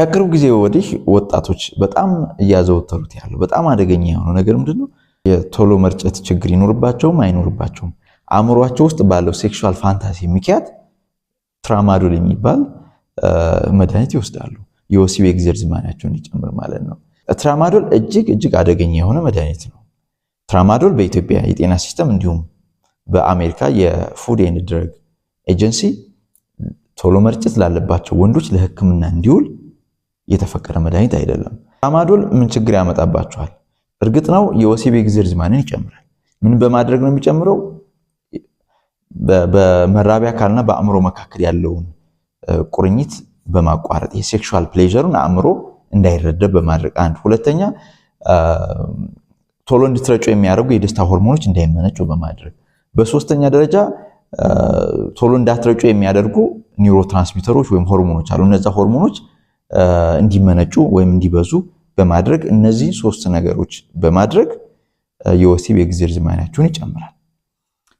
ከቅርብ ጊዜ ወዲህ ወጣቶች በጣም እያዘወተሩት ያለው በጣም አደገኛ የሆነው ነገር ምንድነው? የቶሎ መርጨት ችግር ይኖርባቸውም አይኖርባቸውም አእምሯቸው ውስጥ ባለው ሴክሹዋል ፋንታሲ ምክንያት ትራማዶል የሚባል መድኃኒት ይወስዳሉ። የወሲብ የእግዜር ዝማኔያቸው እንዲጨምር ማለት ነው። ትራማዶል እጅግ እጅግ አደገኛ የሆነ መድኃኒት ነው። ትራማዶል በኢትዮጵያ የጤና ሲስተም እንዲሁም በአሜሪካ የፉድ ኤንድ ድረግ ኤጀንሲ ቶሎ መርጨት ላለባቸው ወንዶች ለሕክምና እንዲውል የተፈቀደ መድኃኒት አይደለም። አማዶል ምን ችግር ያመጣባቸዋል? እርግጥ ነው የወሲብ የጊዜ ርዝማኔን ይጨምራል። ምን በማድረግ ነው የሚጨምረው? በመራቢያ አካልና በአእምሮ መካከል ያለውን ቁርኝት በማቋረጥ የሴክሹዋል ፕሌዥርን አእምሮ እንዳይረደብ በማድረግ አንድ። ሁለተኛ ቶሎ እንድትረጩ የሚያደርጉ የደስታ ሆርሞኖች እንዳይመነጩ በማድረግ በሶስተኛ ደረጃ ቶሎ እንዳትረጩ የሚያደርጉ ትራንስሚተሮች ወይም ሆርሞኖች አሉ። እነዛ ሆርሞኖች እንዲመነጩ ወይም እንዲበዙ በማድረግ እነዚህ ሶስት ነገሮች በማድረግ የወሲብ የጊዜ ርዝማኔያችሁን ይጨምራል።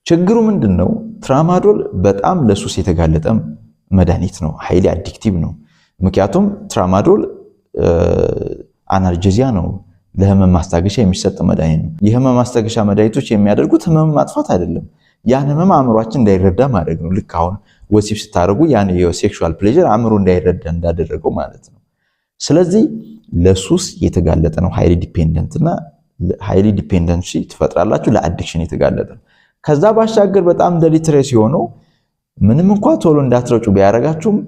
ችግሩ ምንድን ነው? ትራማዶል በጣም ለሱስ የተጋለጠ መድኃኒት ነው። ሀይሊ አዲክቲቭ ነው። ምክንያቱም ትራማዶል አናርጀዚያ ነው፣ ለህመም ማስታገሻ የሚሰጥ መድኃኒት ነው። የህመም ማስታገሻ መድኃኒቶች የሚያደርጉት ህመም ማጥፋት አይደለም፣ ያን ህመም አእምሯችን እንዳይረዳ ማድረግ ነው። ልክ አሁን ወሲብ ስታደርጉ ያን የሴክሹዋል ፕሌዥር አእምሮ እንዳይረዳ እንዳደረገው ማለት ነው። ስለዚህ ለሱስ የተጋለጠ ነው። ሃይሊ ዲፔንደንት እና ሃይሊ ዲፔንደንሲ ትፈጥራላችሁ። ለአዲክሽን የተጋለጠ ነው። ከዛ ባሻገር በጣም ደሊትሬስ የሆነው ምንም እንኳ ቶሎ እንዳትረጩ ቢያደርጋችሁም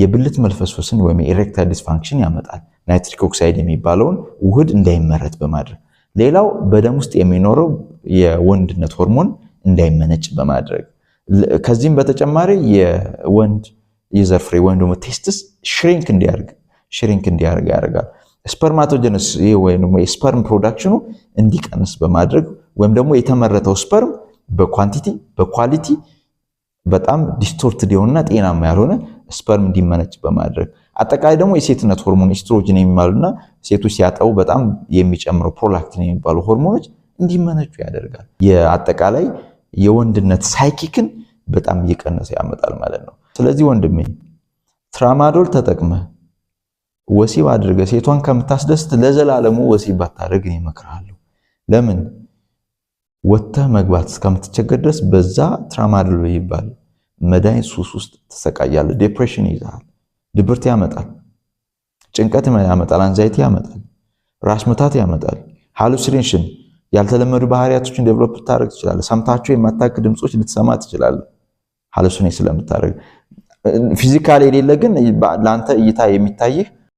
የብልት መልፈስፈስን ወይም የኤሬክታይል ዲስፋንክሽን ያመጣል። ናይትሪክ ኦክሳይድ የሚባለውን ውህድ እንዳይመረት በማድረግ ሌላው በደም ውስጥ የሚኖረው የወንድነት ሆርሞን እንዳይመነጭ በማድረግ ከዚህም በተጨማሪ የወንድ የዘር ፍሬ ወይም ደግሞ ቴስትስ ሽሪንክ እንዲያርግ ሽሪንክ እንዲያርግ ያደርጋል። ስፐርማቶጀንስ ወይም ደግሞ የስፐርም ፕሮዳክሽኑ እንዲቀንስ በማድረግ ወይም ደግሞ የተመረተው ስፐርም በኳንቲቲ በኳሊቲ በጣም ዲስቶርትድ የሆነና ጤናማ ያልሆነ ስፐርም እንዲመነጭ በማድረግ አጠቃላይ ደግሞ የሴትነት ሆርሞን ኤስትሮጅን የሚባሉና ሴቶች ሲያጠቡ በጣም የሚጨምረው ፕሮላክቲን የሚባሉ ሆርሞኖች እንዲመነጩ ያደርጋል። የአጠቃላይ የወንድነት ሳይኪክን በጣም እየቀነሰ ያመጣል ማለት ነው። ስለዚህ ወንድሜ ትራማዶል ተጠቅመ ወሲብ አድርገ ሴቷን ከምታስደስት ለዘላለሙ ወሲብ ባታደርግ እኔ እመክርሃለሁ። ለምን ወጥተህ መግባት እስከምትቸገር ድረስ በዛ ትራማዶል ይባል መድኃኒት ሱስ ውስጥ ትሰቃያለህ። ዴፕሬሽን ይዛል ድብርት ያመጣል፣ ጭንቀት ያመጣል፣ አንዛይቲ ያመጣል፣ ራስ ምታት ያመጣል፣ ሃሉሲኔሽን ያልተለመዱ ባህሪያቶችን ዴቨሎፕ ልታደርግ ትችላለህ። ሰምታቸው የማታውቅ ድምፆች ልትሰማ ትችላለህ ሀለሱኔ ስለምታደርግ ፊዚካል የሌለ ግን ለአንተ እይታ የሚታይህ